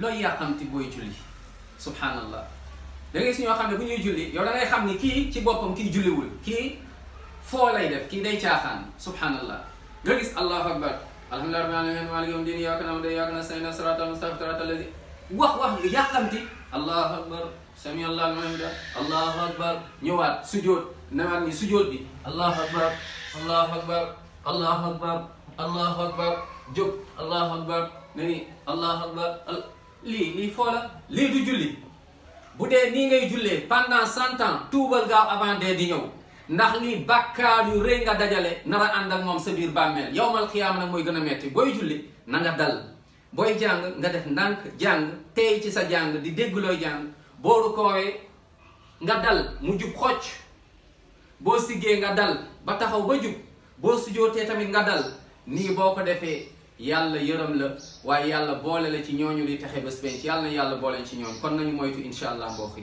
looy yàqamti booy julli subhanallah da ngay gis ñoo xam ne bu ñuy julli yow da ngay xam ni kii ci boppam kii julliwul kii foo lay def kii day caaxaan subhanallah nga gis allahu akbar alhamdulilah rabbil alamin maliki yawmi din iyyaka na'budu wa iyyaka nasta'in siratal mustaqim siratal lazi wax wax yàqamti allahu akbar sami allahu liman hamidah allahu akbar ñëwaat akbar allahu akbar allahu akbar akbar jóg allahu akbar nani allahu akbar lii lii foo la lii du julli bu dee nii ngay jullee pendant santan tuubal gaaw avant dee di ñëw ndax lii bàkkaar yu rëy nga dajale nar ànd ak moom sa biir bàmmeel yowmal xiyaama nag mooy gën a metti booy julli na nga dal booy jàng nga def ndànk jàng tey ci sa jàng di dégg looy jàng boo rukoowee nga dal mu jub xocc boo siggee nga dal ba taxaw ba jub boo sujootee tamit nga dal nii boo ko defee yàlla yërëm la waaye yàlla boole la ci ñooñu li ba bés benn yàlla na yàlla boole ci ñooñu kon nañu moytu incha allah mbokk